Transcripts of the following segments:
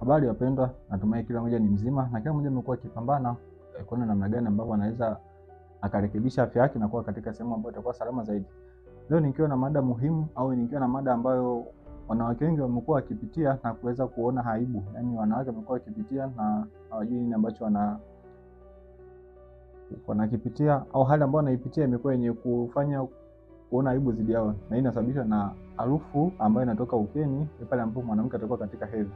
Habari wapendwa, natumai kila mmoja ni mzima na kila mmoja amekuwa akipambana eh, kuona namna gani ambavyo anaweza akarekebisha afya yake na kuwa katika sehemu ambayo itakuwa salama zaidi. Leo nikiwa na mada muhimu au nikiwa na mada ambayo wanawake wengi wamekuwa wakipitia na kuweza kuona haibu, yaani wanawake wamekuwa wakipitia na hawajui nini ambacho wana wanakipitia au hali ambayo wanaipitia imekuwa yenye kufanya kuona aibu dhidi yao, na hii inasababishwa na harufu ambayo inatoka ukeni pale ambapo mwanamke atakuwa katika hedhi.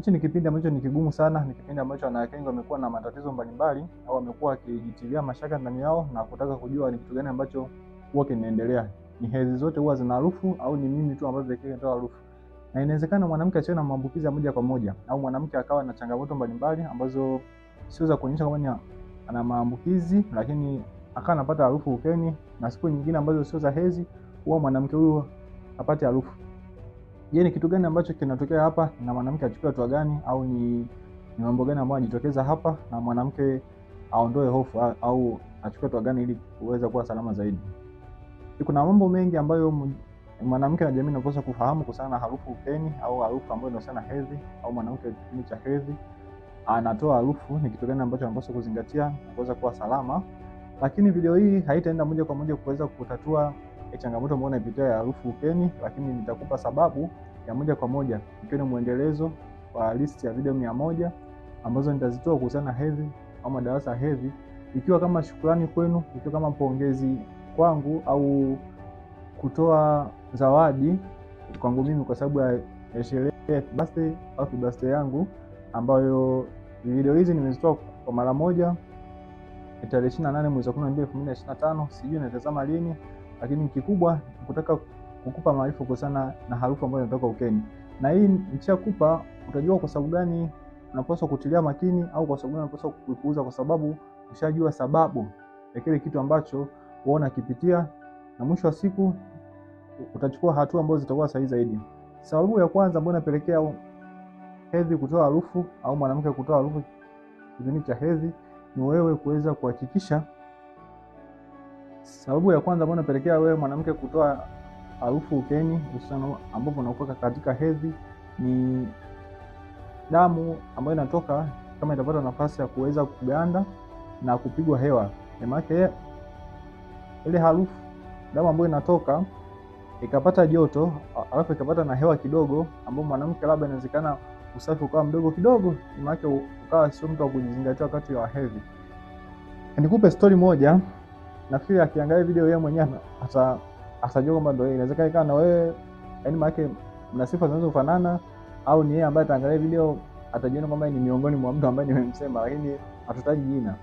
Hichi ni kipindi ambacho ni kigumu sana, ni kipindi ambacho wanawake wengi wamekuwa na matatizo mbalimbali au wamekuwa wakijitilia mashaka ndani yao na kutaka kujua ni kitu gani ambacho huwa kinaendelea. Ni hedhi zote huwa zina harufu au ni mimi tu ambaye pekee natoa harufu? Na inawezekana mwanamke asiwe na maambukizi ya moja kwa moja au mwanamke akawa na changamoto mbalimbali ambazo sio za kuonyesha kwamba ana maambukizi, lakini akawa anapata harufu ukeni, na siku nyingine ambazo sio za hedhi, huwa mwanamke huyo apate harufu. Je, ni kitu gani ambacho kinatokea hapa na mwanamke achukue hatua gani, au ni ni mambo gani ambayo anajitokeza hapa na mwanamke aondoe hofu au, achukue hatua gani ili kuweza kuwa salama zaidi? Kuna mambo mengi ambayo mwanamke na jamii inapaswa kufahamu kuhusiana na harufu ukeni au harufu ambayo inahusiana na hedhi au mwanamke kipindi cha hedhi anatoa harufu, ni kitu gani ambacho anapaswa kuzingatia kuweza kuwa salama. Lakini video hii haitaenda moja kwa moja kuweza kutatua e changamoto ambayo unaipitia ya harufu ukeni, lakini nitakupa sababu ya moja kwa moja, ikiwa ni mwendelezo wa list ya video mia moja ambazo nitazitoa kuhusiana na hedhi au madarasa ya hedhi, ikiwa kama shukrani kwenu, ikiwa kama pongezi kwangu au kutoa zawadi kwangu mimi kwa sababu ya sherehe ya birthday au birthday yangu, ambayo video hizi nimezitoa kwa mara moja tarehe 28 mwezi wa 12 2025. Sijui natazama lini, lakini kikubwa kutaka kukupa maarifa kuhusiana na harufu ambayo inatoka ukeni, na hii nikishakupa utajua kwa sababu gani unapaswa kutilia makini au kwa sababu gani unapaswa kuipuuza, kwa sababu ushajua sababu ya kile kitu ambacho waona kipitia, na mwisho wa siku utachukua hatua ambazo zitakuwa sahihi zaidi. Sababu ya kwanza ambayo inapelekea hedhi kutoa harufu au mwanamke kutoa harufu kipindi cha hedhi ni wewe kuweza kuhakikisha Sababu ya kwanza ambayo inapelekea wewe mwanamke kutoa harufu ukeni, hususani ambapo unakuwa katika hedhi, ni damu ambayo inatoka kama itapata nafasi ya kuweza kuganda na kupigwa hewa. Maanake ile harufu damu ambayo inatoka ikapata joto alafu ikapata na hewa kidogo, ambao mwanamke labda inawezekana usafi ukawa mdogo kidogo, maanake ukawa sio mtu wa kujizingatia wakati wa hedhi. Nikupe stori moja nafikiri akiangalia video yeye mwenyewe ata atajua kwamba ndio yeye. Inawezekana ikawa na wewe, yani maana mna sifa zinazofanana, au ni yeye ambaye ataangalia video atajiona kwamba ni miongoni mwa mtu ambaye nimemsema, lakini hatutaji jina.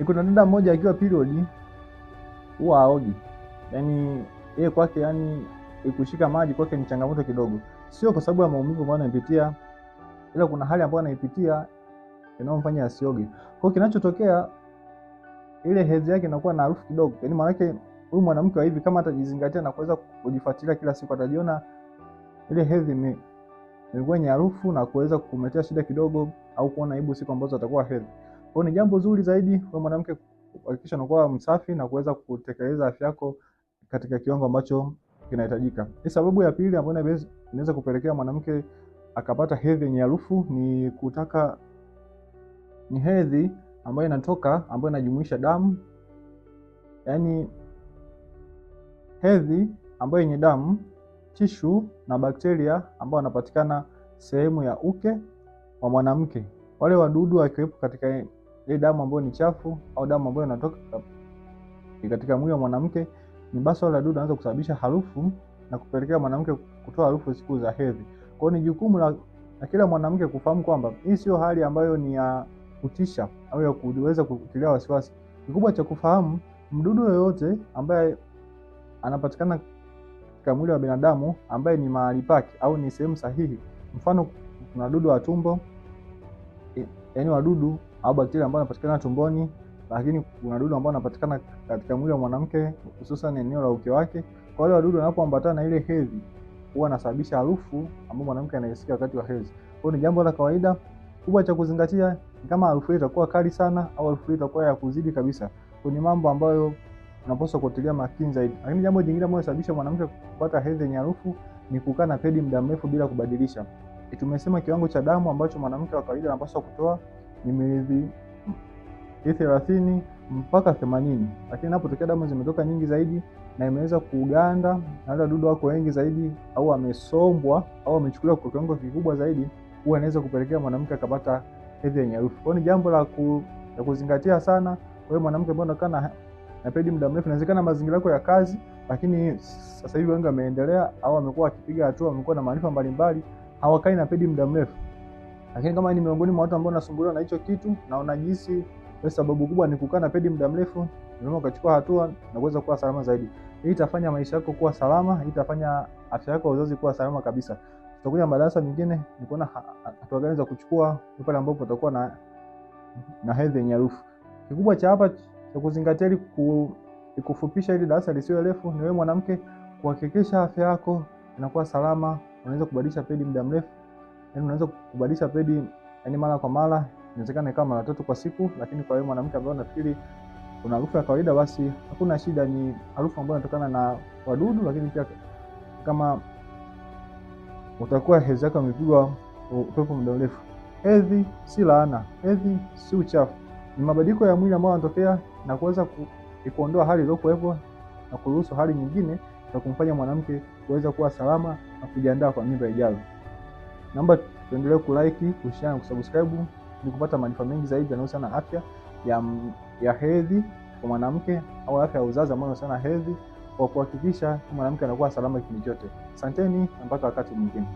Niko na dada mmoja akiwa period huwa aogi, yani yeye kwake, yani ikushika maji kwake ni changamoto kidogo, sio kwa sababu ya maumivu ambayo anapitia, ila kuna hali ambayo anaipitia inayomfanya asioge. Kwa kinachotokea ile hedhi yake inakuwa na harufu kidogo, yaani yake huyu mwanamke wa hivi kama atajizingatia na kuweza kujifuatilia kila siku, atajiona ile hedhi imekuwa yenye harufu na kuweza kukumetea shida kidogo, au kuona aibu siku ambazo atakuwa hedhi. Kwa ni jambo zuri zaidi kwa mwanamke kuhakikisha unakuwa msafi na kuweza kutekeleza afya yako katika kiwango ambacho kinahitajika. Ni sababu ya pili ambayo inaweza kupelekea mwanamke akapata hedhi yenye harufu ni kutaka ni hedhi ambayo inatoka ambayo inajumuisha damu, yaani hedhi ambayo yenye damu, tishu na bakteria ambao wanapatikana sehemu ya uke wa mwanamke. Wale wadudu wakiwepo katika ile damu ambayo ni chafu au damu ambayo inatoka katika mwili wa mwanamke, ni basi wale wadudu wanaweza kusababisha harufu na kupelekea mwanamke kutoa harufu siku za hedhi. Kwa hiyo ni jukumu la kila mwanamke kufahamu kwamba hii sio hali ambayo ni ya kutisha au ya kuweza kukutilia wasiwasi. Kikubwa cha kufahamu, mdudu yoyote ambaye anapatikana katika mwili wa binadamu ambaye ni mahali pake au ni sehemu sahihi, mfano kuna dudu wa tumbo, yaani wadudu au bakteria ambao wanapatikana tumboni, lakini kuna dudu ambao wanapatikana katika mwili wa mwanamke hususan eneo la uke wake. Kwa wale wadudu wanapoambatana na ile hedhi huwa anasababisha harufu ambayo mwanamke anaisikia wakati wa hedhi. Kwa hiyo ni jambo la kawaida kubwa cha kuzingatia ni kama harufu itakuwa kali sana au harufu itakuwa ya kuzidi kabisa. Kwa mambo ambayo unapaswa kutilia makini zaidi. Lakini jambo jingine ambalo linasababisha mwanamke kupata hedhi yenye harufu ni kukaa na pedi muda mrefu bila kubadilisha. E, Tumesema kiwango cha damu ambacho mwanamke wa kawaida anapaswa kutoa ni mililita 30 mpaka 80, lakini inapotokea damu zimetoka nyingi zaidi na imeweza kuganda na wale wadudu wako wengi zaidi, au amesombwa au amechukuliwa kwa kiwango kikubwa zaidi huwa inaweza kupelekea mwanamke akapata hedhi ya nyarufu. Kwa hiyo ni jambo la ku, la kuzingatia sana. Kwa hiyo mwanamke ambaye anakaa na na pedi muda mrefu, inawezekana mazingira yako ya kazi, lakini sasa hivi wengi wameendelea au wamekuwa wakipiga hatua, wamekuwa na maarifa mbalimbali, hawakai na pedi muda mrefu. Lakini kama ni miongoni mwa watu ambao nasumbuliwa na hicho kitu na unajihisi sababu kubwa ni kukaa na pedi muda mrefu, unaweza ukachukua hatua na kuweza kuwa salama zaidi. Hii itafanya maisha yako kuwa salama, hii itafanya afya yako ya uzazi kuwa salama kabisa tutakuja madarasa mengine nikuona kuona hatua gani za kuchukua pale ambapo patakuwa na na hedhi yenye harufu. Kikubwa cha hapa cha kuzingatia ili kufupisha ili darasa lisiwe refu ni wewe mwanamke kuhakikisha afya yako inakuwa salama. Unaweza kubadilisha pedi muda mrefu, yaani unaweza kubadilisha pedi yaani mara kwa mara, inawezekana ikawa mara tatu kwa siku, lakini kwa wewe mwanamke ambaye unafikiri kuna harufu ya kawaida, basi hakuna shida, ni harufu ambayo inatokana na wadudu, lakini pia kama utakuwa hedhi yako amepigwa upepo muda mrefu. Hedhi si laana, hedhi si uchafu, ni mabadiliko ya mwili ambayo yanatokea na kuweza kuondoa hali iliyokuwepo na kuruhusu hali nyingine na kumfanya mwanamke kuweza kuwa salama na kujiandaa kwa mimba ijayo. Naomba tuendelee kulike, kushare na kusubscribe ili kupata maarifa mengi zaidi yanayohusiana na afya ya, ya hedhi kwa mwanamke au afya ya uzazi ambayo inahusiana na hedhi kwa kuhakikisha mwanamke anakuwa salama kipindi chote. Asanteni na mpaka wakati mwingine.